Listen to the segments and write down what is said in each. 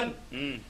Hmm. Mm.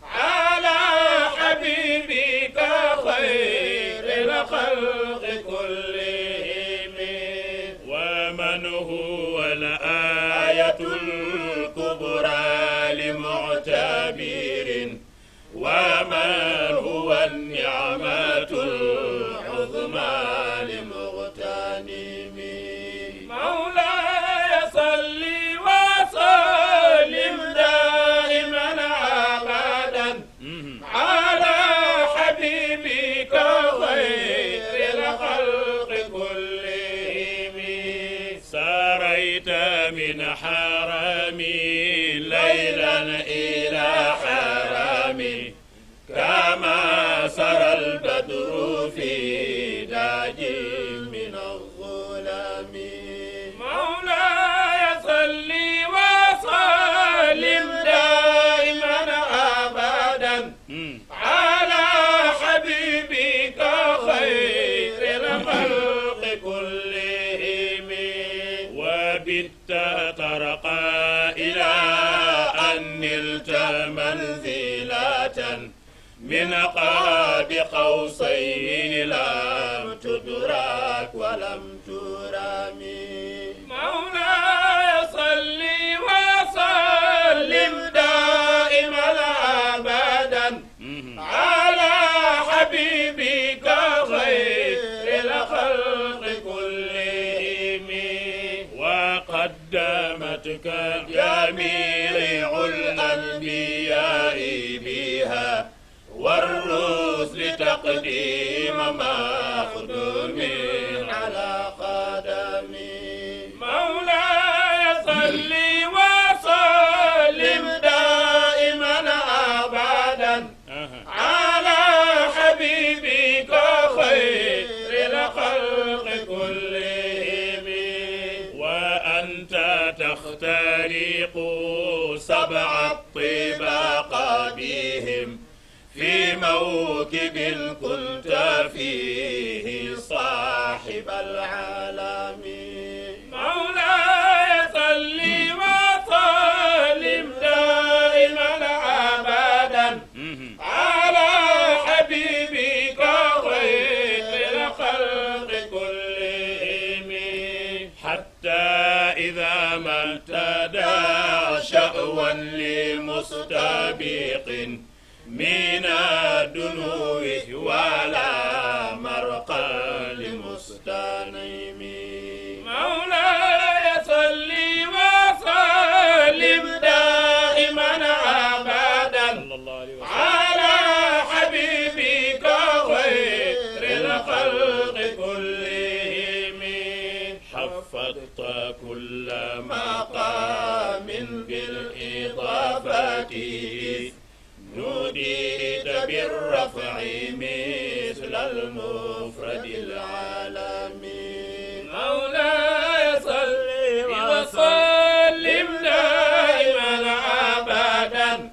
قوسين لم تدرك ولم ترمي مولاي صلي وسلم دائما ابدا على حبيبك خير الخلق كلهم وقدمتك جميل The Mama. موكب كنت فيه صاحب العالمين مولاي صلي وسلم دائما ابدا على حبيبك خير الخلق كلهم حتى اذا ما ارتدى شأوا لمستبيق من الدنو ولا مرقى لمستنيم مولاي صلي وسلم دائما ابدا على حبيبك خير الخلق كلهم حفظت كل مقام بالاضافه أفيد بالرفع مثل المفرد العالمي مولاي صل وسلم دائما أبدا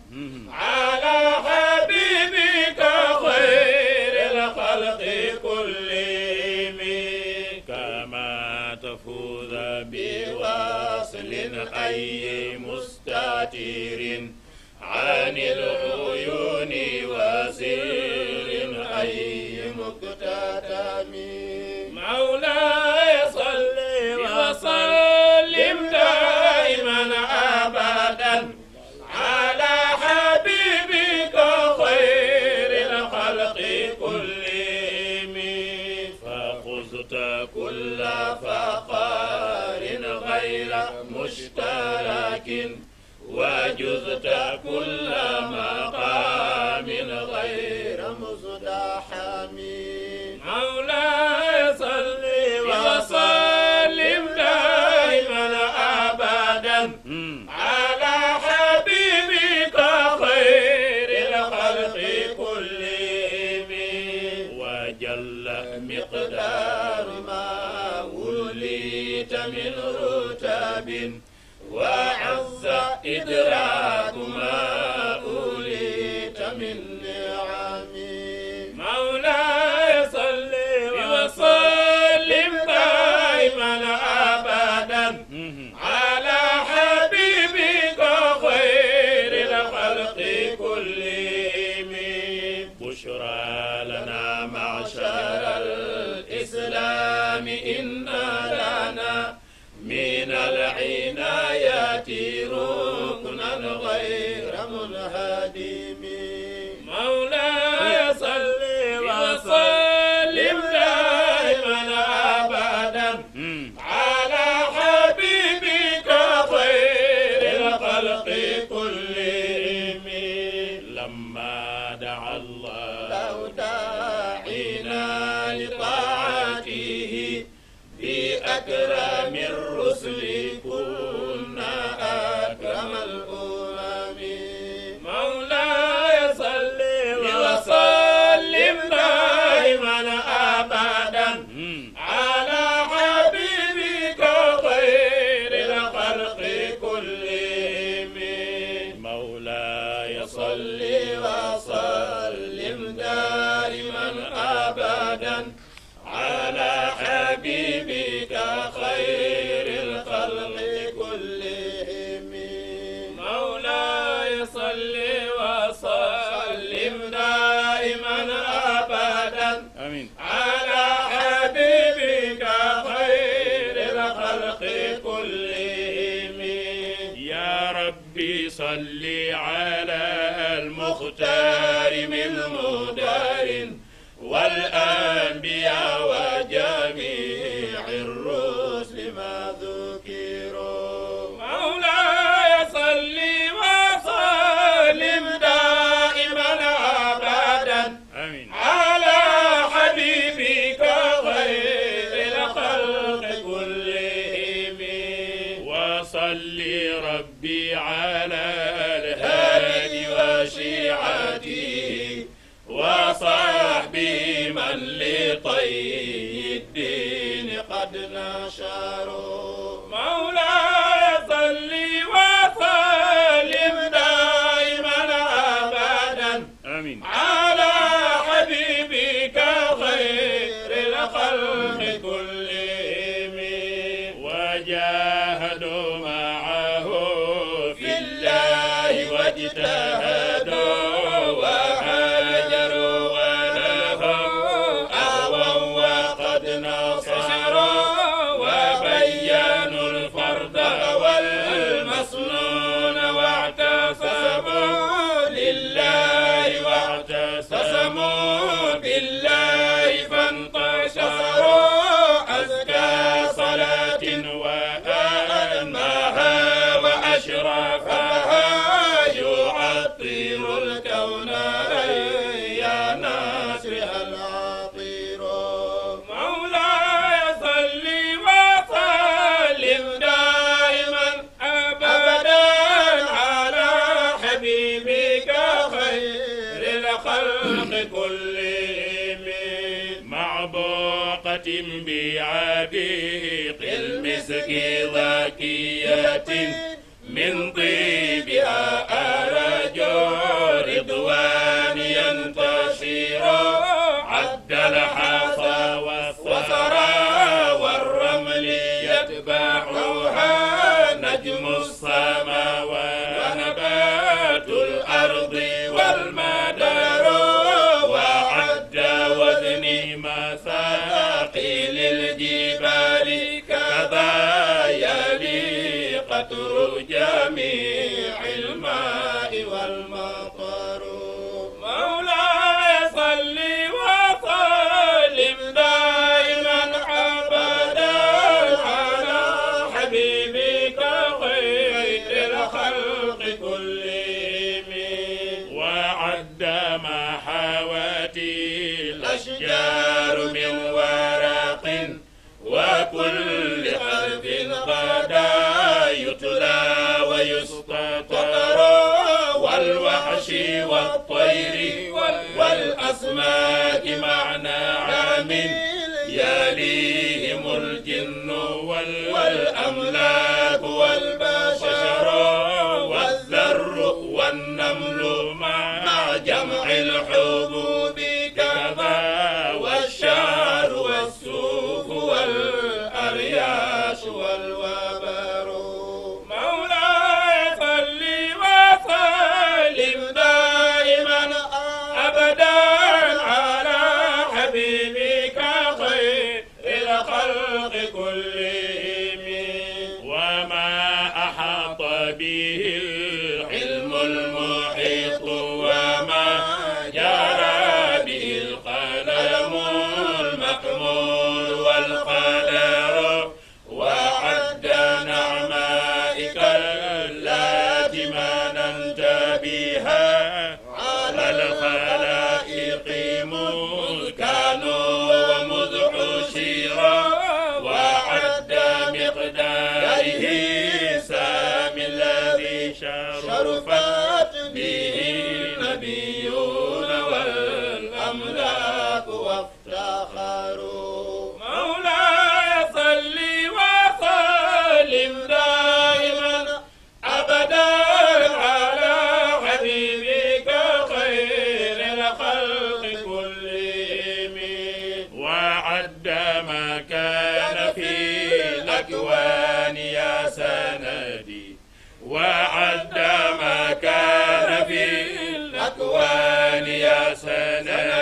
على حبيبك خير الخلق كلهم كما تفوز بواصل أي مستتير عن العلم كل مقام غير مزدحم مولاي صلي وسلم دائما ابدا على حبيبك خير الخلق كلهم وجل مقدار ما وليت من رتب وعز إدراكما Shapiro. aí. kilakiatin. فطر جميع الماء والمطر مولاي صل وسلم دائما ابدا على حبيبك خير الخلق كلهم وعد السماء مع نعم يليهم الجن والأملاك والملك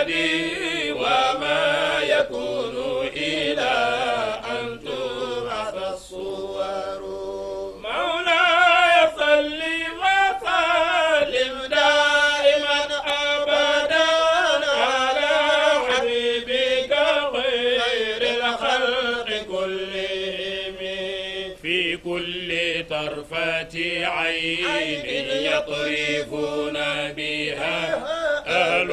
بلدي وما يكون إلى أن تبعث الصور مولاي صلي وسلم دائما أبدا على حبيبك خير الخلق كلهم في كل طرفة عين يطرفون بها أهل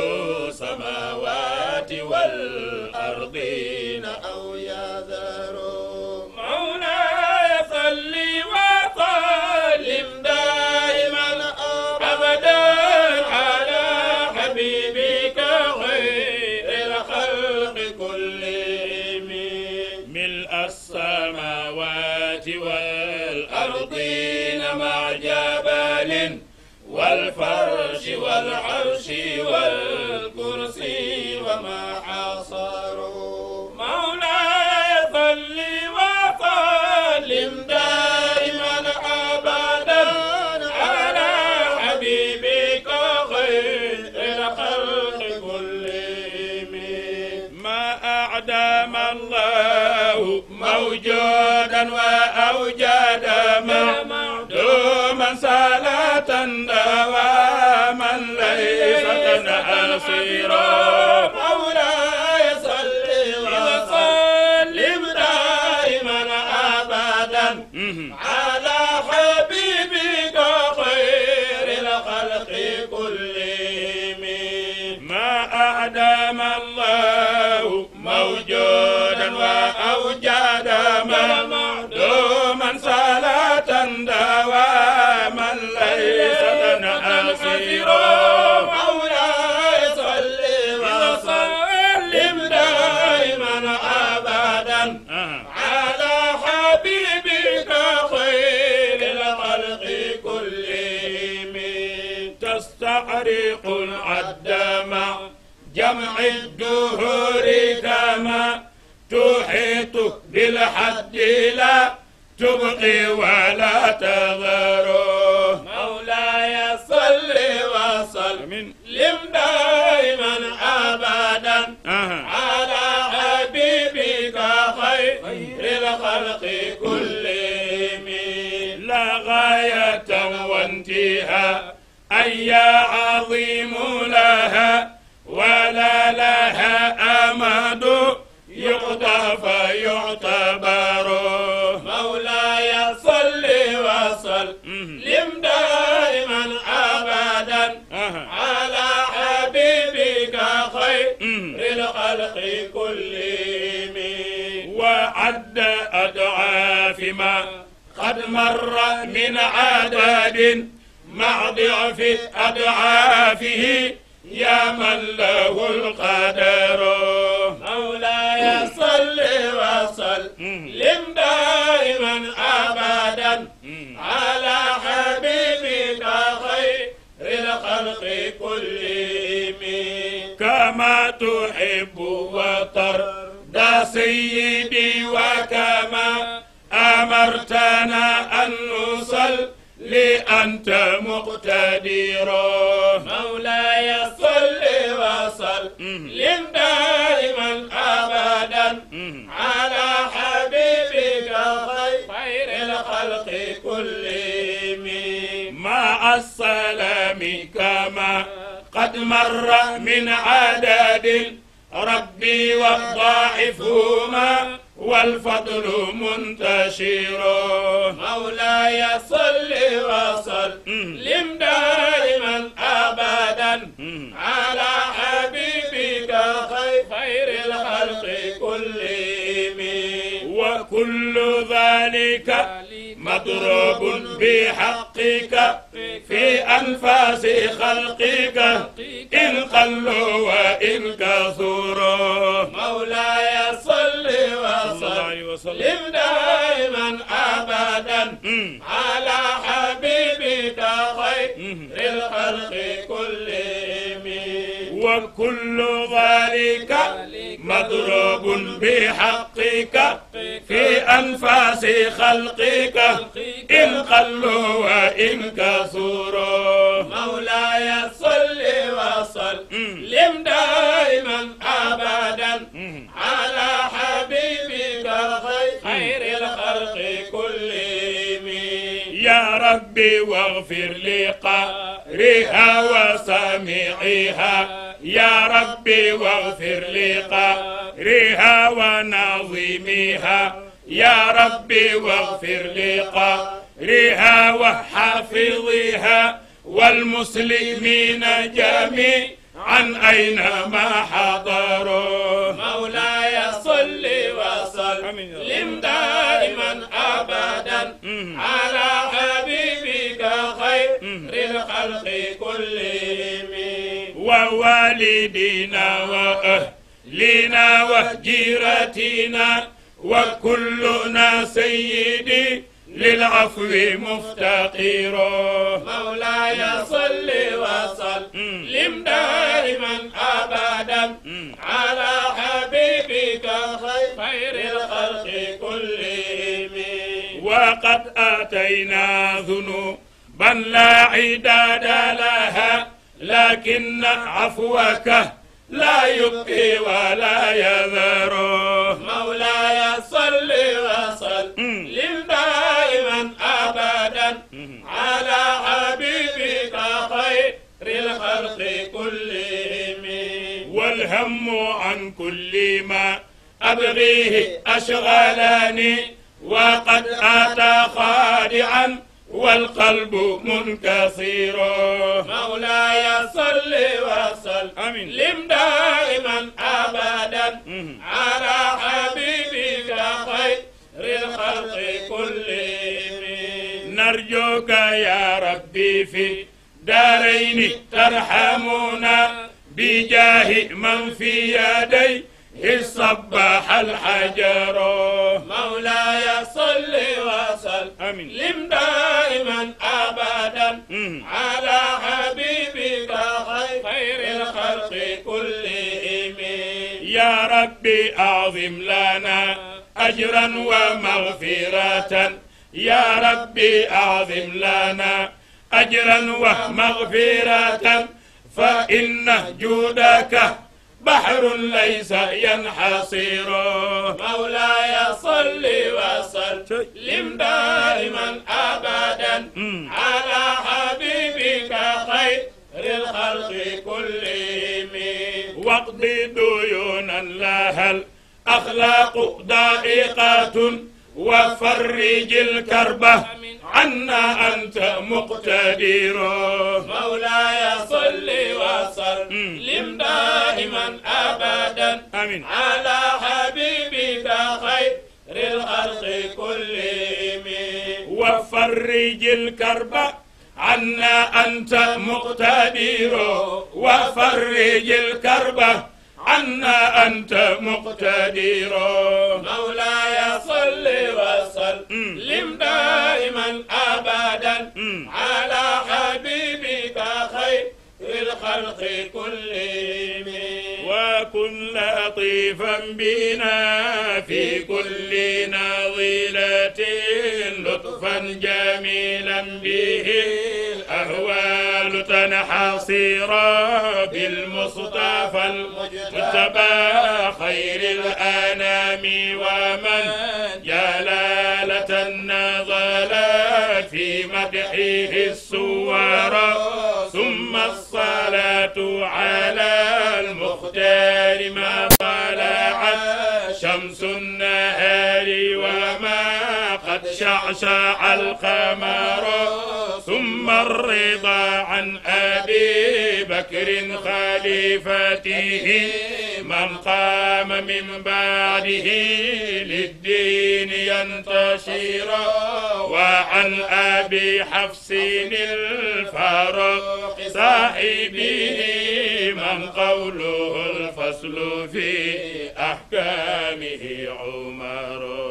السماوات والأرضين أو يذر مولاي ملء السماوات والأرضين مع جبال والفرش والعرش والكرسي وما حاصروا مولاي صل وسلم دائما ابدا على حبيبك خير الخلق كلهم ما اعدم الله موجودا وأبدا حالة دواما ليس تنهى صيرا مولاي صلي وسلم دائما أبدا على حبيبك خير الخلق كلهم ما أعدم الله موجودا وأوجد من معدوما صلاة دواما مولاي وسلم دائما أبدا على حبيبك خير الخلق كلهم جمع الدهور دما تحيط بالحد لا تبقي ولا تذر من لم دائما أبدا على حبيبك خير الخلق كلهم لا غاية وانتهاء أي عظيم لها ولا لها أمد يقضى فيعتبر مولاي صل وصل لم دائما أبدا الخلق كلهم وعد أضعاف ما قد مر من عدد مع ضعف أضعافه يا من له القدر مولاي صل وسلم دائما أبدا على حبيبك خير الخلق كلهم كما تحب دا سيدي وكما أمرتنا أن نصلي لأنت مقتدر مولاي صل وسلم دائما أبدا على حبيبك خير الخلق كلهم مع السلام كما قد مر من عدد ربي هما والفضل منتشر مولاي صل وسلم دائما ابدا على حبيبك خير الخلق كلهم وكل ذلك مضروب بحقك أنفاس خلقك إن قلوا وإن كثروا مولاي صل وسلم دائما أبدا على حبيبك خير الخلق كلهم وكل ذلك مضروب بحقك في أنفاس خلقك إن قلوا وإن كثروا مولاي صل وسلم دائما أبدا على حبيبك خير الخلق كلهم يا ربي واغفر لي وسامعيها يا ربي واغفر لي ونظيمها يا ربي واغفر لي قهرها وحافظها والمسلمين جميعا أينما حضروا مولاي صل وسلم دائما أبدا على حبيبك خير الخلق كلهم ووالدينا وأهلنا وجيرتنا وكلنا سيدي للعفو مفتقر مولاي صل وسلم دائما ابدا على حبيبك خير الخلق كلهم وقد اتينا ذنوبا لا عداد لها لكن عفوك لا يبقي ولا يذر مولاي صل وسلم دائما ابدا على حبيبك خير الخلق كلهم والهم عن كل ما ابغيه اشغلني وقد اتى خادعا والقلب منكسر مولاي صل وسلم لم دائما ابدا على حبيبك خير الخلق كلهم نرجوك يا ربي في دارين ترحمنا بجاه من في يديك إذ صبح الحجر مولاي صل وسلم لم دائما أبدا على حبيبك خير الخلق كلهم يا ربي أعظم لنا أجرا ومغفرة يا ربي أعظم لنا أجرا ومغفرة فإن جودك بحر ليس ينحصر مولاي صل وسلم دائما ابدا على حبيبك خير الخلق كلهم واقضي ديونا لها الاخلاق ضائقه وفرج الكربه عنا أنت مقتدير مولاي صل وسلم دائما أبدا آمين على حبيبك خير الخلق كلهم وفرج الكرب عنا أنت مقتدير وفرج الكرب عنا أنت مقتدير مولاي صل وسلم دائما أبدا على حبيبك خير الخلق كلهم كن لطيفا بنا في كل نظيلة لطفا جميلا به الأهوال تنحصر بالمصطفى المجتبى خير الأنام ومن جلالة نظلت في مدحه السورة Ready, my شعشع القمر ثم الرضا عن أبي بكر خليفته من قام من بعده للدين ينتشر وعن أبي حفص الفاروق صاحبه من قوله الفصل في أحكامه عمر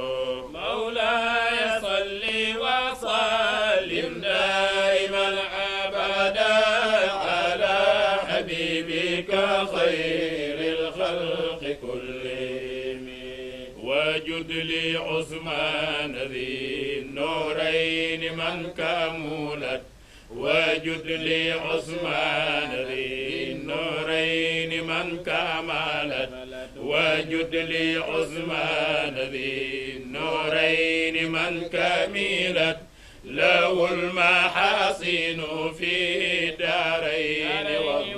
عثمان ذي النورين من كمولت وجد لي عثمان ذي النورين من كمالت وجد لي عثمان ذي النورين من كملت له المحاسن في دارين والله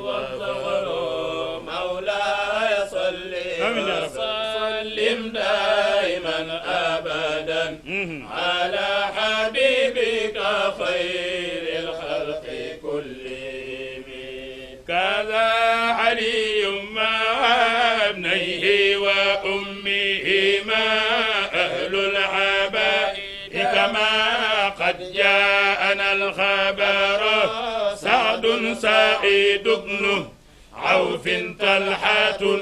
على حبيبك خير الخلق كلهم كذا علي مع ابنيه وأمه ما أهل العباء كما قد جاءنا الخبر سعد سعيد بن عوف طلحة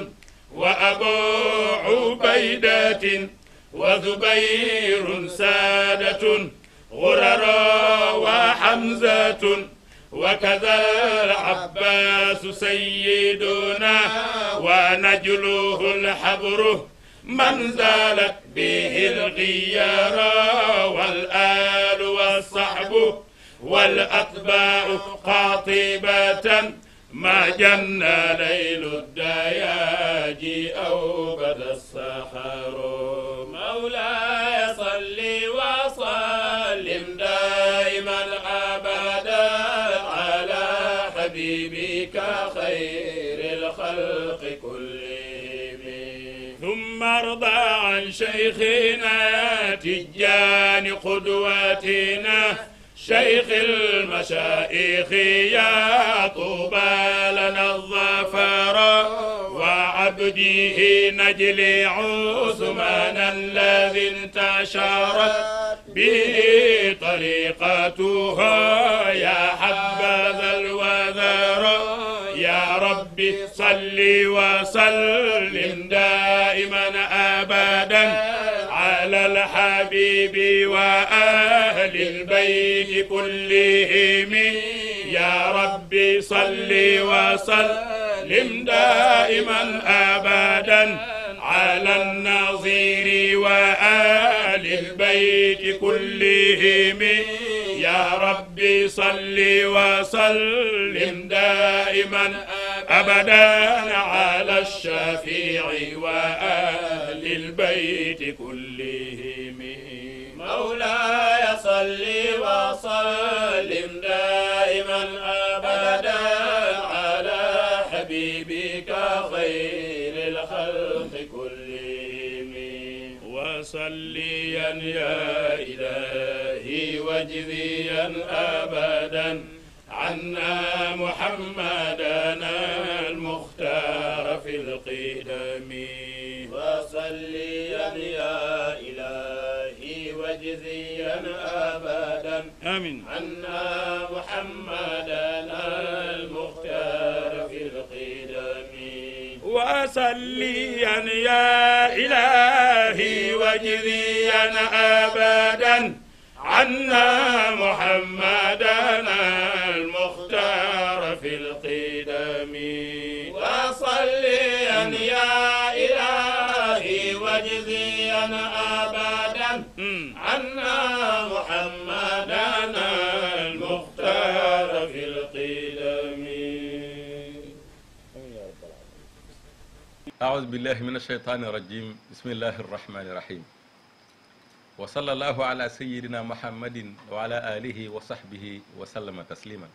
وأبو عبيدة وزبير سادة غرر وحمزة وكذا العباس سيدنا ونجله الحبر من زالت به الغيار والآل والصحب والأتباع قاطبة ما جن ليل الدياج أو بدا السحر عن شيخنا تجان قدوتنا شيخ المشايخ يا طوبى لنا الظفر وعبده نجل عثمان الذي انتشرت به طريقتها يا حبذا الوذر يا ربي صل وسلم دائما الحبيب وأهل البيت كلهم يا ربي صل وسلم دائما أبدا على النظير وآل البيت كلهم يا ربي صل وسلم دائما أبدا على الشفيع وآل للبيت كلهم مولاي صل وسلم دائما أبدا على حبيبك خير الخلق كلهم وصليا يا إلهي واجزيا أبدا عنا محمدنا المختار في القدم صلي يا إلهي وجزيا أبدا آمين عنا محمدا المختار في القدم وصليا يا إلهي وجزيا أبدا عنا محمدا المختار في القدم وصليا يا أجزي أنا أبدا عنا محمدا المختار في القدم أعوذ بالله من الشيطان الرجيم بسم الله الرحمن الرحيم وصلى الله على سيدنا محمد وعلى آله وصحبه وسلم تسليما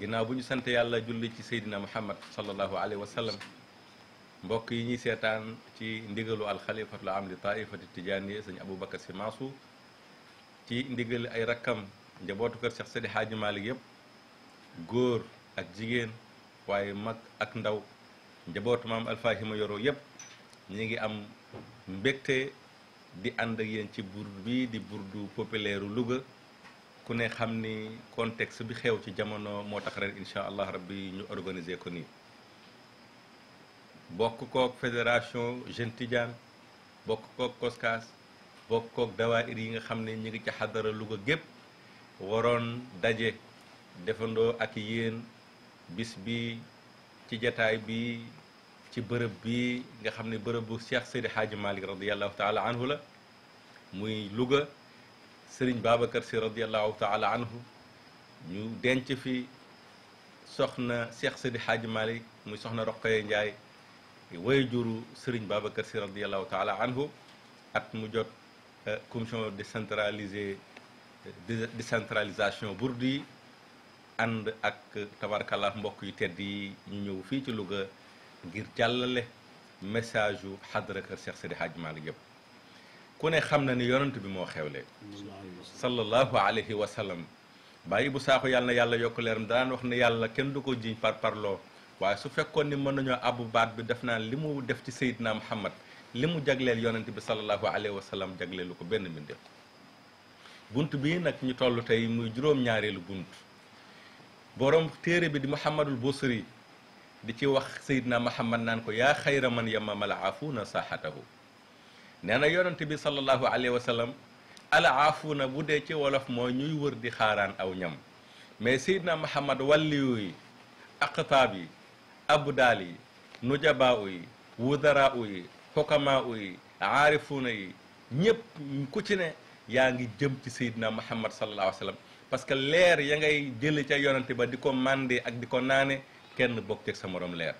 جناب bu يالله جولي سيدنا محمد صلى الله عليه وسلم mbokk yi ñuy seetaan ci ndigalu alxalifatul am li taifati tijaaniya sëñ Aboubacar Sy Mansour ci ndigal ay rakkam njabootu kër Cheikh Seydi Hadji Malick yëpp góor ak jigéen waaye mag ak ndaw njabootu maam alfahima yoroo yëpp ñi ngi am mbégte di ànd ak yéen ci burdu bii di burdu populaire Louga ku ne xam ni contexte bi xew ci jamono moo tax ren incha allah rabbi ñu organiser ko nii bokk kook fédération Jeune Tidiane bokk kook COSCAS bokk kook dawaayir yi nga xam ne ñu ngi ci xadara Louga gépp waroon daje defandoo ak yéen bis bi ci jataay bi ci bërëb bi nga xam ne bërëb bu Cheikh Seydi Hadji Malick radiallahu taala la muy Louga Serigne Babacar Sy radiallahu taala anhu ñu denc fi soxna Cheikh Seydi Hadji Malick muy soxna Roqaye Ndiaye way juru Serigne Babacar Sy radiallahu taala anhu at mu jot euh, commission décentralisée euh, décentralisation bourde ànd ak tabarkalla mbokk yu tedd yi ñu ñëw fii ci Louga ngir jàllale message yu xadra kër Cheikh Seydi Hadji Malick yëpp ku ne xam na ni yonent bi moo xewle sallallahu alayhi wa sallam bàyyi bu saaxu yàlla na yàlla yokk leeram daan wax ne yàlla kenn du ko jiñ par parloo waaye su fekkoon ni mën nañoo abbu baat bi def naa li mu def ci Seydina Muhammad li mu jagleel yonent bi sallallahu alayhi wa sallam jagleelu ko benn mbindeef bunt bii nag ñu toll tey muy juróom-ñaareelu bunt borom téere bi di Muhammadul Busiri di ci wax Seydina Muhammad naan ko yaa xayra man yamama al aafuuna saaxatahu nee na yonent bi sallallahu alayhi wa sallam al aafuuna bu dee ci wolof mooy ñuy wër di xaaraan aw ñam mais Seydina Muhammad wàlliyu yi aqtaab yi abu yi nujabaa u yi wudaraa u yi xukamaa u yi aarifuuna yi ñëpp ku yaa ngi jëm ci seydina muhammad sallallahu alayhi wa sallam parce que leer ya ngay jële ca yonante ba di ko màndee ak di ko naane kenn bokk sa morom leer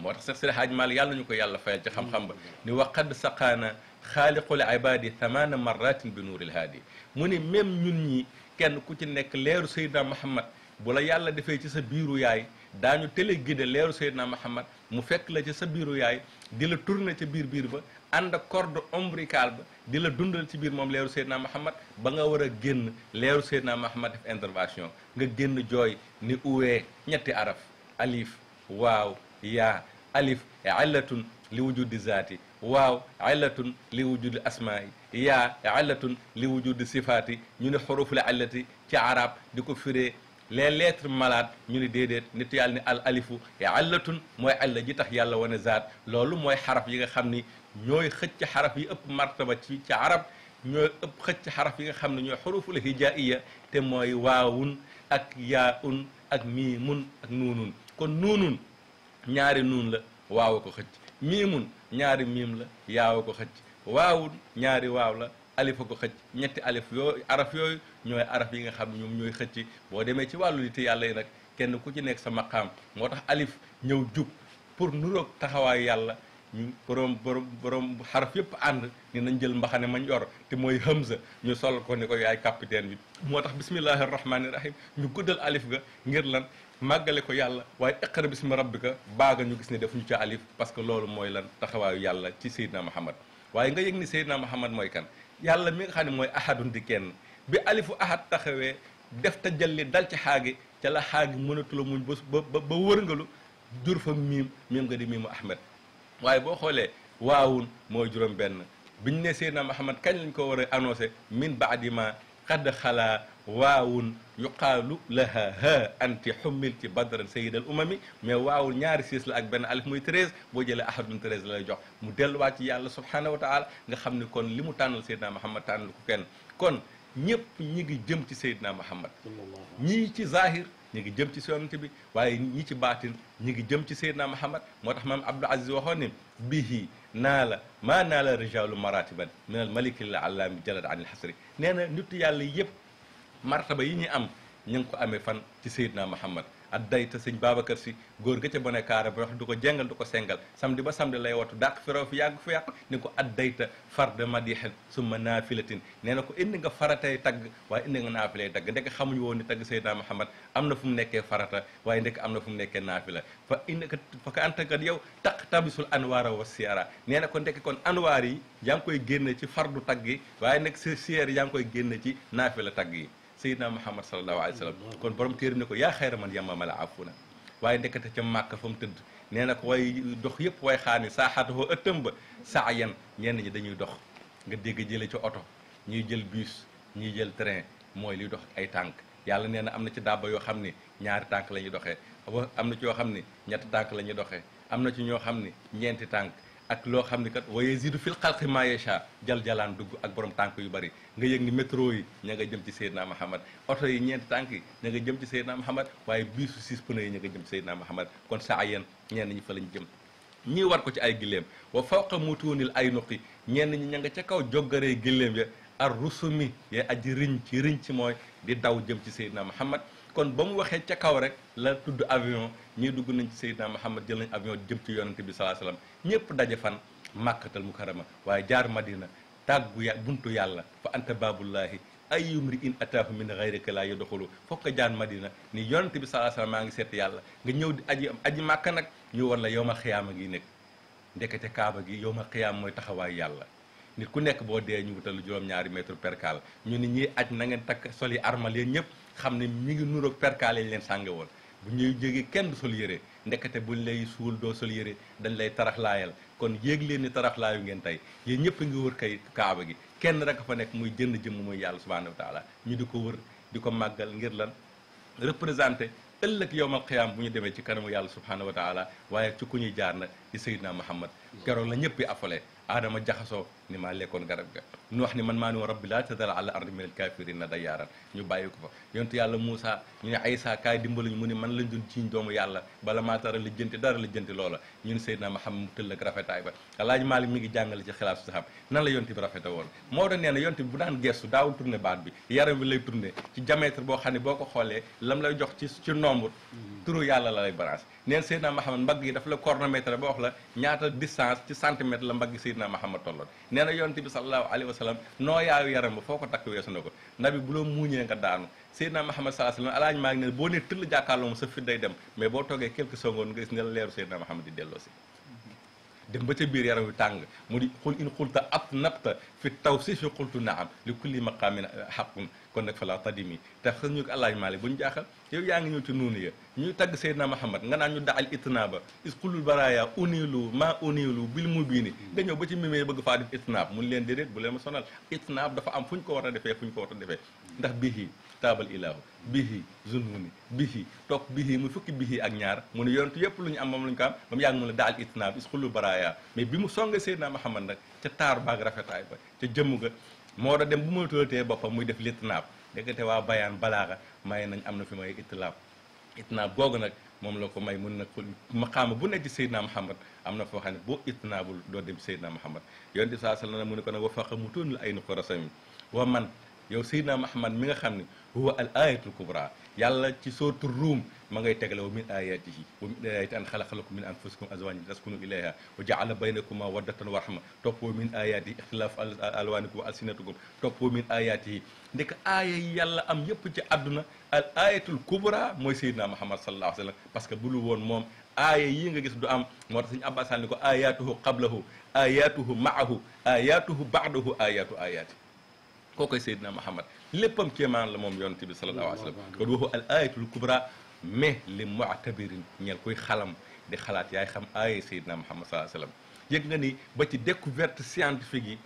moo tax seex sidi maal yàlla ñu ko yàlla fayal ci xam-xam ba ni waqad saqaana xaaliqul ibadi thamana maratin bi nuuril haadi mu ni ñun ñi kenn ku ci nekk leeru seydina muhammad bu la yàlla defee ci sa biiru yaay daañu téléguidé leeru Seydina Muhammad mu fekk la ci sa biiru yaay di la tourné ca biir biir ba ànd ak corde ombilical ba di la dundal ci biir moom leeru Seydina Muhammad ba nga war a génn leeru Seydina Muhammad def intervention nga génn jooy ni uwee ñetti araf alif waaw yaa alif illatun li wujudi zaati waaw illatun li wujudi asmaai yaa illatun li wujudi sifaati ñu ne xuruful illati ci arab di ko firee les lettres malades ñu ni déedéet nit yàlla ni al alifu ya alatun moy alla ji tax yàlla wone zat lolu moy harf yi nga xamni ñoy xëc harf yi ëpp martaba ci ci arab ñoy ëpp xëc harf yi nga xamni ñoy ñooy xuruful te moy waawun ak yaun ak mimun ak nunun kon nunun ñaari nun la waaw ko xëc mimun ñaari mim la yaaw ko xëc waawun ñaari waaw la alifa ko xëcc ñetti alif yooyu araf yooyu ñooy araf yi nga xam ñoom ñooy xëcci boo demee ci wàllu nit yàlla yi nag kenn ku ci nekk sa maqaam moo tax alif ñëw jub pour nuroog taxawaayu yàlla ñu borom borom borom xaraf yëpp ànd ni nañ jël mbaxane mañ yor te mooy hamza ñu sol ko ni ko yaay capitaine bi moo tax bismillahi rahmaani rahim ñu guddal alif ga ngir lan màggale ko yàlla waaye iqra bismi rabbika baaga ñu gis ne defuñu ci alif parce que loolu mooy lan taxawaayu yàlla ci Seydina Muhammad waaye nga yëg ni Seydina Muhammad mooy kan yàlla mi nga ne mooy ahadun di kenn bi alifu ahad taxawee def ta jalli dal ci xaagi ca la xaagi mënatula muñ ba ba ba wërngalu jur fa miim miim nga di miimu ahmed waaye boo xoolee waawun mooy juróom benn biñ ne Seydina Muhammad kañ lañ ko war a annoncé min baadima قد خلا واو يقال لها ها انت حملت بدر سيد الامم مي واو نياري سيس لا بن الف موي 13 بو جيل احد من 13 لا جوخ مو دل وات يالله سبحانه وتعالى nga xamni kon limu tanal سيدنا محمد tanal ko ken kon ñepp ñi ngi jëm سيدنا محمد ñi ci zahir ñu ngi jëm ci yonent bi waaye ñi ci baatin ñu ngi jëm ci Seydina Muhammad moo tax maam Abdou Aziz waxoon ne bihi naa la maa naa la rijalu maratiban min al malikil allaami jalad an il xasri nee na nit yàlla yëpp martaba yi ñu am ñu ngi ko amee fan ci Seydina Muhammad ak dayta sëñ Babacar si góor ga ca bone kaara ba du ko jengal du ko sengal samedi ba samedi lay wattu dàq fi raw fi yàgg fi yàq ni ko ad dayta farda madixin summa naafilatin nee na ko indi nga faratay tagg waaye indi nga naafilay tagg ndek xamuñu woon ni tagg Seydina Muhammad am na fu mu nekkee farata waaye ndek am na fu mu nekkee naafila fa indi fa ka antakat yow taq tabisul anwaara wa siyaara nee na ko ndek kon anwaar yi yaa ngi koy génne ci fardu tag yi waaye nag siyaar yaa ngi koy génne ci naafila tag yi Seydina Muhammad sallallahu alayhi wa sallam kon borom téere ne ko yaa xayra man yamma mala afuna waaye ndekete ca màkk fa mu tëdd nee na ko way dox yëpp way saaxaata saaxaatafoo ëttam ba saa yan ñenn ñi dañuy dox nga dégg jële ci oto ñuy jël bus ñuy jël train mooy liy dox ay tànk yàlla nee na am na ci dàbb yoo xam ni ñaari tànk la ñuy doxee am na ci yoo xam ni ñetti tànk la ñuy doxee am na ci ñoo xam ni ñeenti tànk ak loo xam ni kat waye zidu fil xalqi ma yasha jal jalaan dugg ak boroom tànk yu bari nga yëg ni métro yi ña nga jëm ci Seydina Muhammad oto yi ñeenti tànk yi ña nga jëm ci Seydina Muhammad waaye biisu six pneu yi ña nga jëm ci Seydina Muhammad kon sa ayen ñenn ñi fa lañ jëm ñii war ko ci ay giléem wa fawqa mutuunil ay nuqi ñenn ñi ña nga ca kaw joggaree giléem ya ar rusumi ya aji riñ ci riñ ci mooy di daw jëm ci Seydina Muhammad kon ba waxe ci kaw rek la tuddu avion ñi dugg nañ ci sayyidna Muhammad jël nañ avion jëm ci yonante bi alayhi wasallam ñepp dajje fan màkkatal mukarrama waye jaar madina taggu ya buntu Yalla, fa anta babullahi, ayumri in ataahu min ghayrika la yadkhulu fokk jaar madina ni Yon bi salaa salaam maa ngi Yalla, yàlla nga ñew di aji aji màkka nak ñu won la yawma khiyam gi nek ndekete kaaba gi yawma khiyam moy taxaway yalla nit ku nek bo de ñu wutal juroom ñaari mètre percal ñu ni ñi aj na ngeen tak soli armal yéen xam ne mi ngi nuroog perkaa lañ leen sànge bu ñuy jógee kenn du sol yére ndekete buñ lay suul doo sol yére dañ lay taraxlaayal kon yéeg leen ni taraxlaayu ngeen tey yéen ñëpp ngi wër kay kaaba gi kenn rek fa nekk muy jënd jëmm muy yàlla subhanahu wa taala ñu di ko wër di ko màggal ngir lan représenté ëllëg yowmal xiyaam bu ñu demee ci kanamu yàlla subhanahu wa taala waaye ci ku ñuy jaar na di sayyidina muhammad keroog la ñëpp yi afale aadama jaxasoo ni maa lekkoon garab ga nu wax ni man maa ni woon rabbi laa tadar ala ardi min al kafirina dayyaaran ñu bàyyi ko fa yontu yàlla Moussa ñu ne Aysa kaay ñu mu ni man lañ doon ciiñ doomu yàlla bala maa tara li jënti dara li jënti loola ñun Seydina Muhammad mu tëll ak rafetaay ba laaj maal mi ngi jàngale ci xilaaf saxam nan la yonti bi rafeta woon moo doon nee na yonti bi bu daan gestu daawul tourné baat bi yaram bi lay tourné ci diamètre boo xam ne boo ko xoolee lam lay jox ci ci nombre turu yàlla la lay branche neen Seydina Muhammad mbagg yi daf la cornomètre ba la ñaata distance ci centimètre la mbagg Seydina Muhammad tolloon nee na yonent bi sallallahu alayhi wa sallam nooyaayu yaram ba foo ko takk weesu na ko nabi bu loo muuñee nga daanu Seydina Muhammad sallallahu alayhi wa sallam alaaj maa ne boo ne tëll jàkkaarloo sa fit day dem mais boo toogee quelques secondes nga gis ne la leeru Seydina Muhammad di delloosi dem ba ca biir yaram yu tàng mu di xul in xulta ab nabta fi taw si fi xultu naam li kulli maqaamin xaqun kon nag fa la tadimi te xas ñu ko àllaaj maali bu ñu jaaxal yow yaa ngi ñëw ci nuunu ya ñuy tagg Seydina Muhammad nga naan ñu daal itnaaba is xulul baraya unilu maa unilu bil mu biini nga ñëw ba ci mimee bëgg faa def itnaab mun leen déedéet bu leen ma sonal itnaab dafa am fu ñu ko war a defee fu ñu ko war a defee ndax bihi taabal ilaahu bihi zunhuni bihi toog bihi mu fukki bihi ak ñaar mu ne yonent yëpp lu ñu am moom la ñu ko am ba mu yàgg mu ne daal itnaab is xullu baraaya mais bi mu songa Seydina Muhammad nag ca taar baag rafetaay ba ca jëmm ga moo da dem bu ma toltee boppa muy def litnaab déggate waa bayaan balaaxa may nañ am na fi may itlaab itnaab googu nag moom la ko may mun na ko xaama bu nekk ci Seydina Muhammad am na foo xam ne boo itnaabul doo dem Seydina Muhammad yonent bi saa sallam mu ne ko nag wa mu tóonul ay nu ko rasami wa man يو سيدنا محمد ميغا خامني هو الايه الكبرى يالا تي سوره الروم ما غاي من اياته ومن ايات ان خلق لكم من انفسكم ازواجا لتسكنوا اليها وجعل بينكم موده ورحمه توبو من ايات اختلاف الوانكم والسنتكم توبو من اياته ديك ايه يالا ام ييب تي ادنا الايه الكبرى موي سيدنا محمد صلى الله عليه وسلم باسكو بلو وون موم ايه يي غيس دو ام موت سيني عباس نيكو اياته قبله اياته معه اياته بعده ايات اياته كوكا سيدنا محمد لبم كيمان لموم يونتي بي صلى الله عليه وسلم كدو هو الآية الكبرى مه لمعتبرين نيال كوي خلم دي خلات ياي خم آية سيدنا محمد صلى الله عليه وسلم يغني با تي ديكوفيرت سيانتيفيكي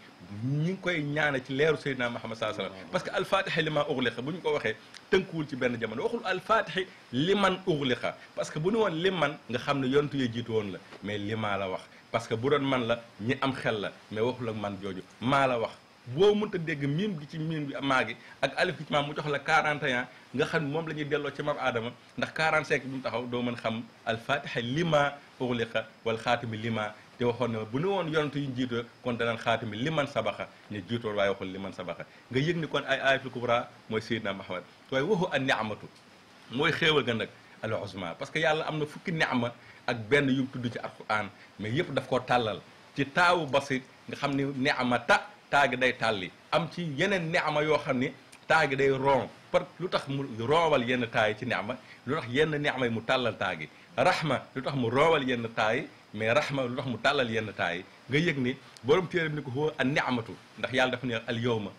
ني نكاي نيانا سيدنا محمد صلى الله عليه وسلم باسكو الفاتح لما اغلق بو نكو وخه تنكول تي بن الفاتح لمن اغلق باسكو بو نون لمن غا خامن يونتو يي جيت مي لما لا واخ باسكو بو مان لا ني ام خيل لا مي واخول مان جوجو ما لا boo mënta dégg miim gi ci miim bi maa gi ak alif gi ci maa mu jox la 41 nga xam moom la ñuy delloo ci mam aadama ndax 45 bi mu taxaw doo mën xam alfatiha lima ughliqa wal xaatimi lima te waxoon ne bu nu woon yonent yu jiitoo kon danaan xaatimi liman sabaxa ñu jiitoon waaye waxul liman sabaxa nga yëg ni kon ay ayatul kubra mooy sayidna Muhammad waaye waxu an ni'matu mooy xéewal ga nag al uzma parce que yàlla am na fukki ni'ma ak benn yu mu tudd ci alquran mais yëpp daf koo tàllal ci taawu basit nga xam ni ni'mata tag day tali am ci yenen neama yo xamni tag day ron par lutax mu rowal yenn tay ci neama lutax yenn neama mu tàllal rahma lutax mu rowal yenn tay mais rahma lutax mu talal yenn tay nga yëg ni borom téere ni ko huwa an ni'matu ndax yàlla dafa ne al yawma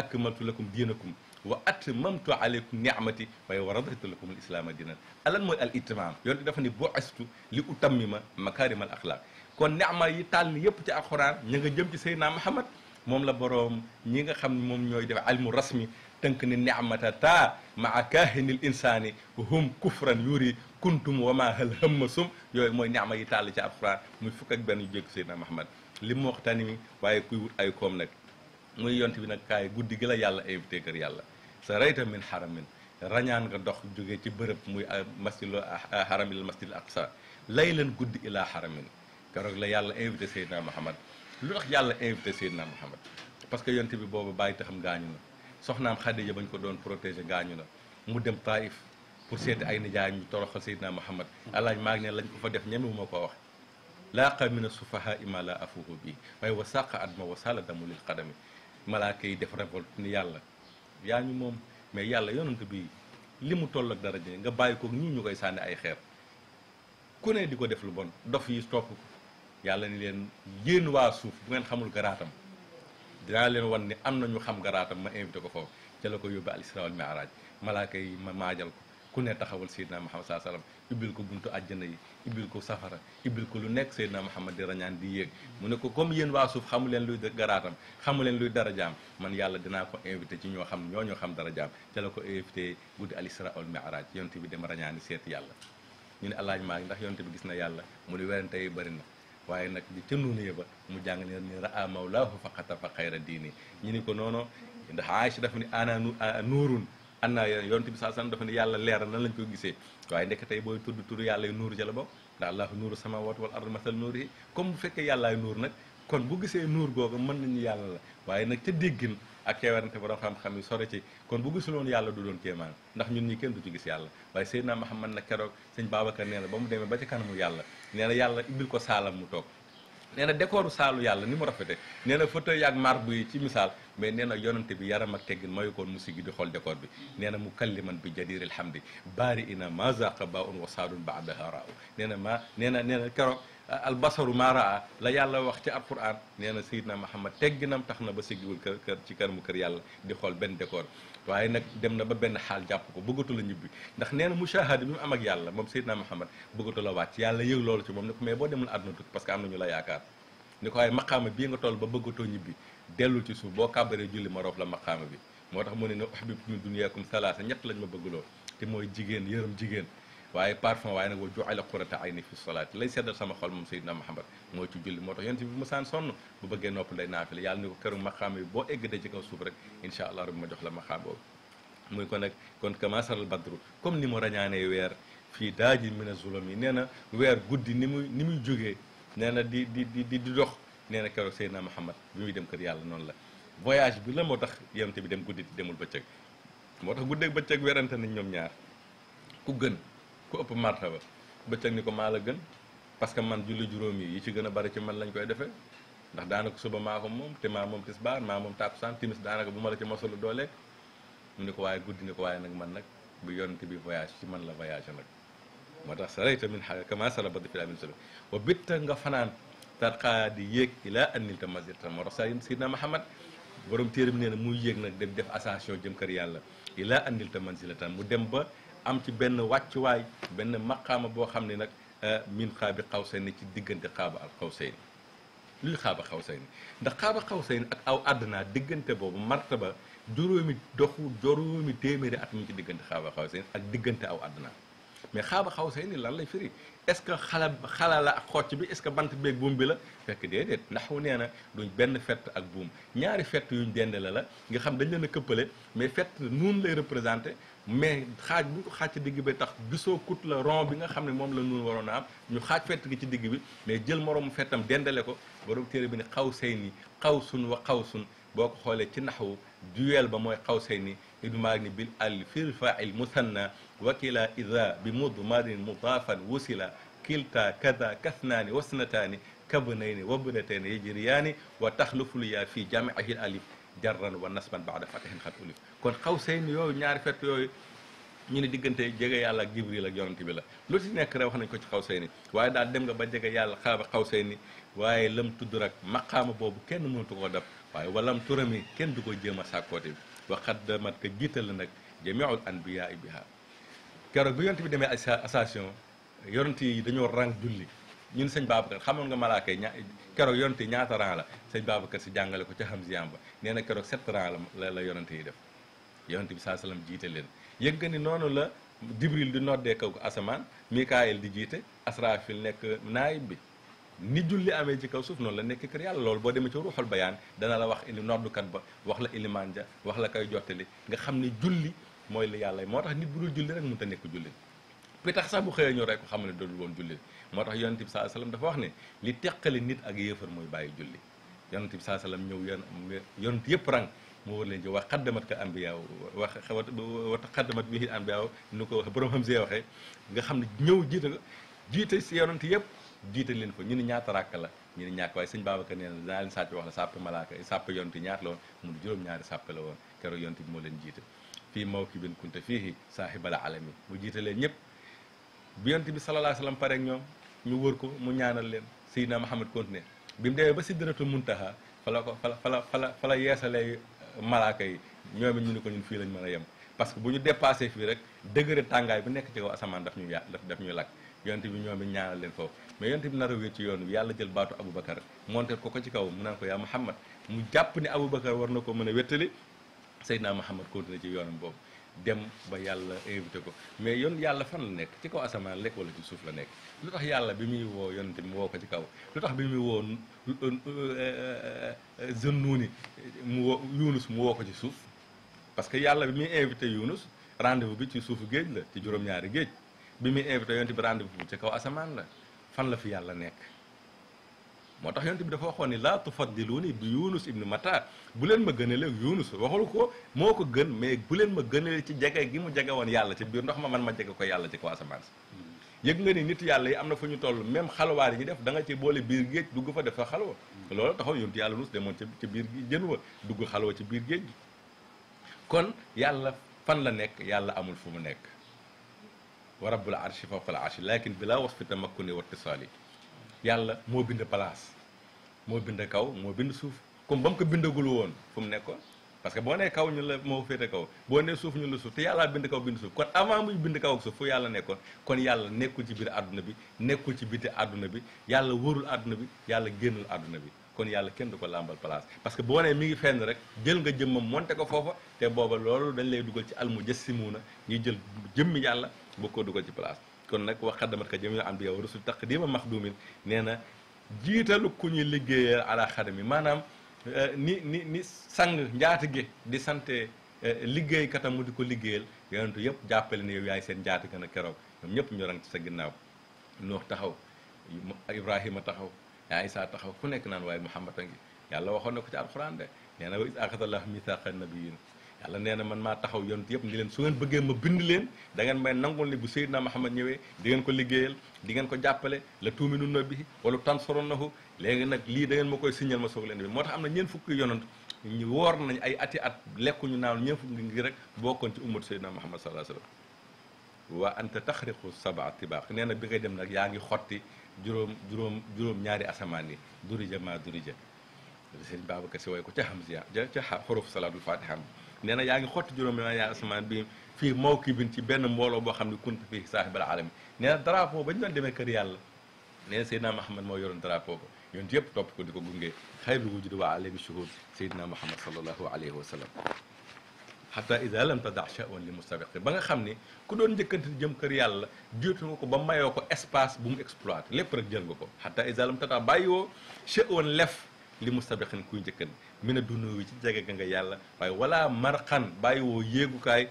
akmaltu lakum dinakum wa atmamtu alaykum ni'mati wa raditu lakum al islam dinan alan mooy al itmam yonte dafa ni bu'istu li utammima makarim al akhlaq kon ni'ma yi tal yépp ci alquran nga jëm ci Seydina Muhammad moom la boroom ñi nga xam ne moom ñooy def alimu rasmi tënk ni ni'mata ta maa kaahinil insaani hum kufran yuri kuntum wa maa hal hammasum yooy mooy ni'ma yi tàll ci alquran muy fukk ak benn yu jékk Seydina Muhammad li mu wax tani waaye kuy wut ay koom nag muy yont bi nag kaay guddi gi la yàlla invité kër yàlla sa rayta min haramin rañaan nga dox jóge ci bërëb muy ah, masjidu ah, haramil masjidil aqsa lay leen guddi ilaa haramin keroog la yàlla invité Seydina Muhammad lu tax yàlla invité Seydina Muhammad parce que yonte bi boobu bàyyi taxam gaañu na soxnaam Xadija bañ ko doon protéger gaañu na mu dem Taïf pour seeti ay nijaay ñu toroxal Seydina Muhammad alaaj maa ngi ne lañ ko fa def ñeme wu ma ko wax laaqa mina sufaha ima la afuhu bi waaye wa saqa adma wa sala damu lil qadami malaa yi def révolte ni yàlla yaa ñu moom mais yàlla yonent bi li mu toll ak dara ji nga bàyyi ko ñii ñu koy sànni ay xeer ku ne di ko def lu bon yàlla ni leen yéen waa suuf bu ngeen xamul garaatam dinaa leen wan ni am na ñu xam garaatam ma invité ko foofu ca la ko yóbbu al isra wal mi'raj malaaka yi ma maajal ko ku ne taxawal Seydina Muhammad saa salaam ibbil ko buntu àjjana yi ibbil ko safara ibbil ko lu nekk ma xam Muhammad di rañaan di yéeg mu ne ko comme yéen waa suuf xamu leen luy garaatam xamu leen luy darajaam man yàlla dinaa ko invité ci ñoo xam ñoo ñoo xam darajaam ca la ko invité guddi al isra wal mi'raj yonte bi dem rañaani seeti yàlla ñu ne alaaj maa ndax yonte bi gis na yàlla mu ne werante yi bëri na waaye nag di ca nuunee ba mu jàng ne ni ra'a mawlaahu faqata fa xayra diini ñu ni ko noono ndax Aïcha dafa ni ana nuurun anna yonent bi saa san dafa ni yàlla leer nan lañ ko gisee waaye ndekk tey booy tudd tur yàlla yu nuur ja la bokk ndax allahu nuuru samaawaati wal ardi masal nur comme bu fekkee yàllaay nuur nag kon bu gisee nuur googu mën nañu yàlla la waaye nag ca déggin ak keewarante borom xam-xam yi sore ci kon bu gisuloon yàlla du doon kéemaan ndax ñun ñi kenn du ci gis yàlla waaye Seydina Muhammad nag keroog sëñ Babacar nee na ba mu demee ba ci kanamu yàlla nee na yàlla ibil ko saalam mu toog nee na décooru saalu yàlla ni mu rafete nee na fauteuil ak marbre yi ci misaal mais nee na yonante bi yaram ak teggin mayu koon mu sigi di xool décor bi nee na mu kalliman bi jadiril hamdi baari ina mazaqa ba un wa ba baadaha raaw nee na ma nee na nee albasaru maaraa la yàlla wax ci alquran nee na sayidna Muhammad tegginam tax na ba siggiwul kër kër ci kër kër yàlla di xool benn décor waaye nag dem na ba benn xaal jàpp ko bëggatu la ñibbi ndax nee na mushahada bi mu am ak yàlla moom sayidna Muhammad bëggatu la wàcc yàlla yëg loolu ci moom ne ko mais boo demul àdduna tukki parce que am na ñu la yaakaar ni ko waaye maqaama bii nga toll ba bëggatoo ñibbi dellul ci suuf boo kàbbaree julli ma roof la maqaama bi moo tax mu ne ne uxbibtu min duniyaakum salaasa ñett lañ ma bëggloo te mooy jigéen yërëm jigéen waaye parfum waaye nag wa joxala qurata ayni fi salaati lay seddal sama xol moom Seydina Muhammad mooy ci julli moo tax yonent bi masaan sonn bu bëggee nopp day naafile yàlla ni ko këru maqaam yi boo eggatee ci kaw suuf rek incha allah rabbi ma jox la maqaam boobu muy kon nag kon kamasaral badru comme ni mu rañaanee weer fii daaji mina zulum yi nee na weer guddi ni mu ni muy jógee nee na di di di di dox nee na keroog Seydina Muhammad bi muy dem kër yàlla noonu la voyage bi la moo tax bi dem guddi di demul bëccëg moo tax guddeeg bëccëg weerante nañ ñoom ñaar ku gën ku ëpp martaba bëccëg ni ko maa la gën parce que man julli juróom yi yi ci gën a bari ci man lañ koy defee ndax daanaka suba maa ko moom te maa moom tisbaar maa moom tàkkusaan timis daanaka bu ma la ci mosalu doo lekk mu ko waaye guddi ni man nag bu yonent bi man la voyage nag moo tax sa rayta min xaga kama sarabati fi amin sabi wa bitta nga fanaan tarxaa di yéeg ilaa annil ta masirta moo tax sa sidna Mahamad borom téeram nee na muy yéeg nag dem def ascension jëm kër yàlla ilaa andil ta manzilatan mu dem ba am ci benn wàccuwaay benn maqaama boo xam ne nag min xaabi xawsay ci diggante xaaba al xawsay ni luy xaaba xawsay ni ndax xaaba xawsay ak aw àddunaa diggante boobu martaba juróomi doxu juróomi téeméeri at mu ci diggante xaaba xawsay ak diggante aw àddunaa mais xaaba xawsay lan lay firi est-ce que xala xala la ak xocc bi est-ce que bant beeg buum bi la fekk déedéet ndax wu nee na duñ benn fett ak buum ñaari fett yuñ dend la la nga xam dañ leen a këppale mais fett nuun lay représenté mais xaj bu ñu ko xaaj ci digg bi tax gisoo kut la rond bi jarran wa nasban baada ba xat ulif kon xaw seen yooyu ñaari fett yooyu ñu ne diggante jege yàlla ak jibril ak yonante bi la lu ci nekk rek wax nañ ko ci xaw sey ni waaye daal dem nga ba jege yàlla xaaba xaw sey ni waaye lam tudd rek maqaama boobu kenn mënatu koo dab waaye walam turami kenn du ko jéem a sàkkooti waxaddamat ka jiital la nag jamiul anbiyaa biha keroog bi yonante bi demee association yonante yi dañoo rang julli ñun sëñ Babacar xamoon nga malaaka yi ña keroog yonante ñaata rang la sëñ Babacar si jàngale ko ca xam si yamba nee na keroog sept rang la la yonante yi def yonante bi saa salaam jiite leen yëg nga ni noonu la Jibril di noddee kaw asamaan Mikaayil di jiite Asraafil nekk naayib bi ni julli amee ci kaw suuf noonu la nekk kër yàlla loolu boo demee ci ruuxul bayaan dana la wax ili noddukat ba wax la ilimaan ja wax la koy jottali nga xam ne julli mooy li yàlla moo tax nit bu dul julli rek mënut julli bi tax sax bu xëyee ñëw rek ko xam ne doonul woon julli moo tax yonent bi saa sallam dafa wax ne li teqale nit ak yéefar mooy bàyyi julli yonent bi saa sallam ñëw yon yonent yëpp rang moo war leen ci wax xaddamat ka ambiya wax wat xaddamat bi ambiya ni ko borom xam see waxee nga xam ne ñëw jiita ko jiite si yonent yëpp jiite leen ko ñu ni ñaata rakk la ñu ni ñàkk waaye sañ Babacar nee na dinaa leen sàcc wax la sàpp malaaka sàpp yonent ñaata la woon mu juróom-ñaari sàpp la woon keroog yonent bi moo leen jiite fii mawkibin kunta fiihi saahibal alami mu jiite leen ñëpp bu yonent bi sallallahu alayhi wa sallam pare ñu wër ko mu ñaanal leen Seydina Muhammad continué bi mu demee ba Sidratul Muntaha fala ko fala fala fala fala yeesalee malaaka yi ñoom it ñu ni ko ñun fii lañ mën a yem parce que bu ñu dépassé fii rek degré tàngaay bu nekk ci kaw asamaan daf ñu ya daf ñuy lakk yonte bi ñoom it ñaanal leen foofu mais yonte bi nar a wéet ci yoon bi yàlla jël baatu Aboubacar monter ko ko ci kaw mu naan ko yaa Muhammad mu jàpp ni Aboubacar war na ko mën a wéttali Seydina Muhammad continué ci yoonam boobu dem ba yàlla invité ko mais yoon yàlla fan la nekk ci kaw asamaan lekk wala ci suuf la nekk lu tax yàlla bi muy woo yonente mu woo ko ci kaw lu tax bi muy woo euh, euh, Zannuni mu woo Yunus mu woo ko ci suuf parce que yàlla bi muy invité Yunus rendez-vous bi ci suufu géej la ci juróom-ñaari géej bi muy invité yonente bi rendez-vous bi ci kaw asamaan la fan la fi yàlla nekk moo tax yonent bi dafa waxoon ni laa tufaddiluuni bi yunus ibni mata bu leen ma gënale yunus waxul ko moo ko gën mais bu leen ma gënale ci jege gi mu jege woon yàlla ci biir ndox ma man ma jege ko yàlla ci ko asamaan si yëg nga ni nit yàlla yi am na fu ñu toll même xalwaar yi ñu def da nga boole biir géej dugg fa def fa xalwa loolu taxaw yonent yàlla nus demoon ca ca biir jën wa dugg xalwa ci biir géej gi kon yàlla fan la nekk yàlla amul fu mu nekk wa rabbul arshi fawqal arshi lakin bila wasfi tamakkuni wa ittisali yàlla moo bind place moo bind kaw moo bind suuf comme ba mu ko bindagul woon fu mu nekkoon parce que boo nee kaw ñu la moo féete kaw boo nee suuf ñu la suuf te yàlla bind kaw bind suuf kon avant muy bind kaw ak suuf fu yàlla nekkoon kon yàlla nekkul ci biir àdduna bi nekkul ci biti àdduna bi yàlla wërul àdduna bi yàlla génnul àdduna bi kon yàlla kenn du ko làmbal place parce que boo nee mi ngi fenn rek jël nga jëmmam monte ko foofa te booba loolu dañ lay dugal ci almu jëssimuuna ñuy jël jëmmi yàlla boo ko dugal ci place kon nag wax xaddamat ka jamilu anbiya wa rusul taqdima maxdumin nee na jiitalu ku ñu liggéeyal ala mi maanaam eh, ni ni ni sang njaatige di sante eh, liggéeykatam mu di ko liggéeyal yonentu yëpp jàppale ne yow yaay seen njaatige na keroog ñoom ñëpp ñu rang ci sa ginnaaw noox taxaw ibrahima taxaw yaa isaa taxaw ku nekk naan waaye muhammad a ngi yàlla waxoon na ko ci alquran de nee na wa is axadallahu mithaqa nabiyin yàlla nee na man maa taxaw yonent yëpp ni leen su ngeen bëggee ma bind leen da ngeen may nangul ni bu Seydina Muhammad ñëwee dingeen ko liggéeyal di ngeen ko jàppale la tuuminu na bi wala tansurunahu léegi nag lii da ngeen ma koy signal ma soog leen bi moo tax am na ñeen fukki yonent ñu woor nañ ay ati at lekkuñu naan ñeen fukki ngi rek bokkoon ci ummat Seydina Muhammad sallallahu alayhi wasallam waa anta taxriqu sab'a tibaq nee na bi ngay dem nag yaa ngi xotti juróom juróom juróom ñaari asamaan yi durija ma durija sëñ Babacar Si way ko ca Hamziya ca ca xuruf salaatul fatiha neena yaangi xott juroom xotti juróomi naa yaa asamaan bi fii mawkibin ci benn mbolo bo xamni kunt fi fii saahibal alami nee na drapeau doon demee kër yàlla nee na Seydina Mahamad moo yoroon drapeau ba yoon yëpp topp ko di ko gunge xayru wujudu wa alami shuhud Seydina Mahamad sallallahu alayhi wa sallam xata ida lam tadaa chaun li mustabiqi ba nga xam ne ku doon njëkkante jëm kër yàlla jiitu nga ko ba mayoo ko espace bu mu exploité lépp rek jël nga ko xata ida lam tadaa bàyyiwoo chaun lef li mustabiqin kuy njëkkante mi ne dunu wi ci jege ga nga yàlla waaye wala marxan bàyyi woo yéegukaay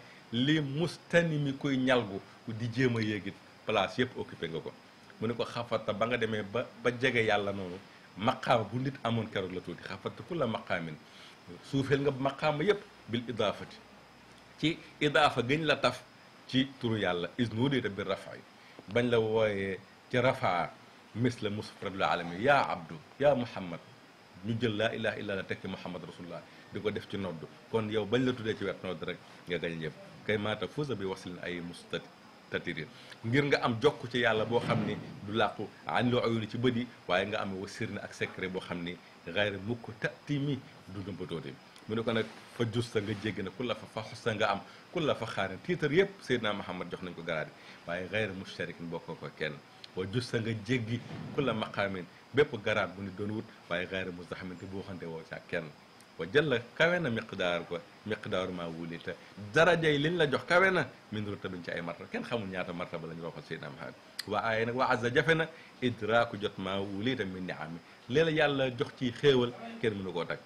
li mustani mi koy ñalgu di jéem a yéegit place yëpp occupé nga ko mu ne ko xafata ba nga demee ba ba jege yàlla noonu maqaama bu nit amoon keroog la tuuti xafata ku la maqaamin suufeel nga maqaama yëpp bil idaafati ci idaafa gëñ la taf ci turu is isnuudita bi rafayi bañ la wooyee ci rafaa mis la musafradul alami yaa abdu yaa muhammad ñu jël laa ilaha illa la tekki muhammad rasulullah di ko def ci nodd kon yow bañ la tuddee ci wet nodd rek nga gañ ñëpp kay maata fuusa bi waslin ay mustat tatiri ngir nga am jokk ci yàlla boo xam ni du làqu an loo ayuni ci bët yi waaye nga am wasir na ak secret boo xam ni gayri mukk tati mi du nëmbatooti mu ne ko nag fa justa nga jéggi na ku la fa fa xusta nga am ku la fa xaarin tiitar yëpp Seydina Muhammad jox nañ ko garaadi waaye gayri mushtarik bokk ko kenn wa justa nga jéggi ku la maqaamin bépp garab bu ni doon wut waaye xayri mustaxamante boo xante woo ca kenn wa jëlla kawe na miqdaar ko miqdaaru maa wulita darajay liñ la jox kawe na min rutabin ci ay martaba kenn xamul ñaata martaba lañ waxal Seydina Muhammad waa aaye nag wa azza jafe na idraaku jot maa wulita min niami li la yàlla jox ci xéewal kenn mënu koo tag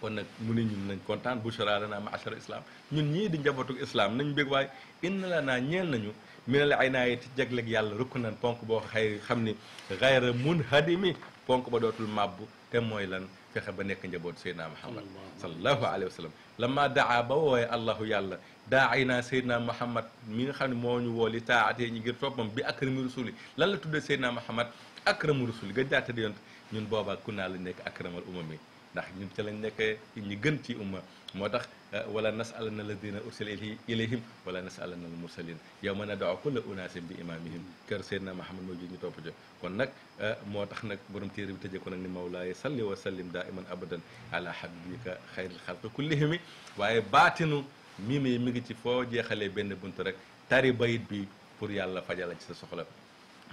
kon nag mu ne ñun nañ kontaan bushra lana ma'ashara islam ñun ñii di njabootug islam nañ bég waaye inna la naa ñeel nañu minal ay naa yi ci jagleeg yàlla rukk nan ponk boo xay xam ni xayra mun hadimi ponk ba dootul màbbu te mooy lan fexe ba nekk njaboot Seydina Muhammad sallallahu alayhi wa sallam lama daa ba woowee allahu yàlla daa ay naa Seydina Muhammad mi nga xam ne moo ñu woo li taatee ñi ngir toppam bi akrami rusuli lan la tuddee Seydina Muhammad akramu rusuli gën jaata di yont ñun boobaa ku naa lañ nekk akramal umma mi ndax ñun ca lañ nekkee ñi gën ci umma moo tax ah, wala nasalanna alladina ursila ilayhim wala nasalanna al mursalin yow mën a daaw kulla unaasin bi imaamihim kër Seydina Mahamad moo jur ñu topp jo kon nag ah, moo tax nag borom téere bi tëjee ko nag ni mawlaaye salli wa sallim daa iman abadan ala habibika xayril xalqi kullihimi waaye baatinu mii mi mi ngi ci foo jeexalee benn bunt rek tari bayit bi pour yàlla fajala ci sa soxla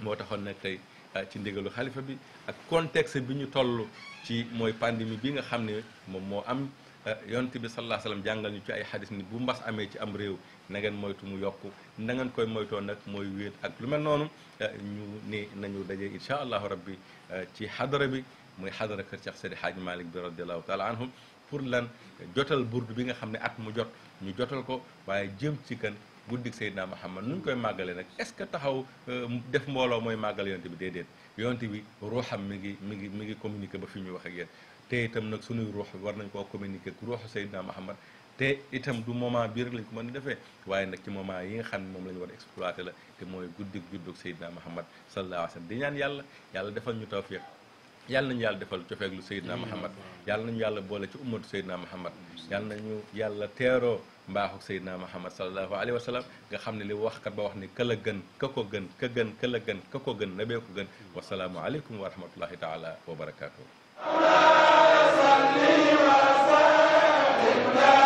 moo taxoon nag tey ah, ci ndigalu xalifa bi ak contexte bi ñu toll ci mooy pandémie bi nga xam ne moom moo am Eh, yonent bi sallallahu alayhi wa jàngal ñu ci ay xadis ni bu mbas amee ci am réew nangeen moytu mu yokku nangeen koy moytoon nag mooy wéet ak lu mel noonu eh, ñu ni nañu dajee incha allahu rabbi eh, ci xadara bi muy xadara kër Cheikh Seydi Hadj Malick bi radiallahu taala anhum pour lan jotal burdu bi nga xam ne at mu jot ñu jotal ko waaye jëm ci kan guddik Seydina Muhammad nu ñu koy màggalee nag est-ce que taxaw def mbooloo mooy màggale yonent bi déedéet yonent bi ruuxam mi ngi mi ngi mi ngi communiqué ba fi ñuy wax ak yéen te itam nag suñuy ruux war nañ koo communiquer ak ruuxu Seydina Muhammad te itam du moment bii rek lañ ko mën a defee waaye nag ci moment yi nga xam ne moom la ñu war a la te mooy guddik juddug Seydina Muhammad sallallahu alayhi wa sallam di ñaan yàlla yàlla defal ñu tawfiq yàlla nañu yàlla defal cofeeglu Seydina Muhammad yàlla nañu yàlla boole ci ummatu Seydina Muhammad yàlla nañu yàlla teeroo mbaaxu Seydina Muhammad sallallahu alayhi wa sallam nga xam ne li waxkat ba wax ni ka la gën ka ko gën ka gën ka la gën ka ko gën nabee ko gën wasalaamu aleykum wa rahmatullahi taala wa barakaatu اللهم صل وسلم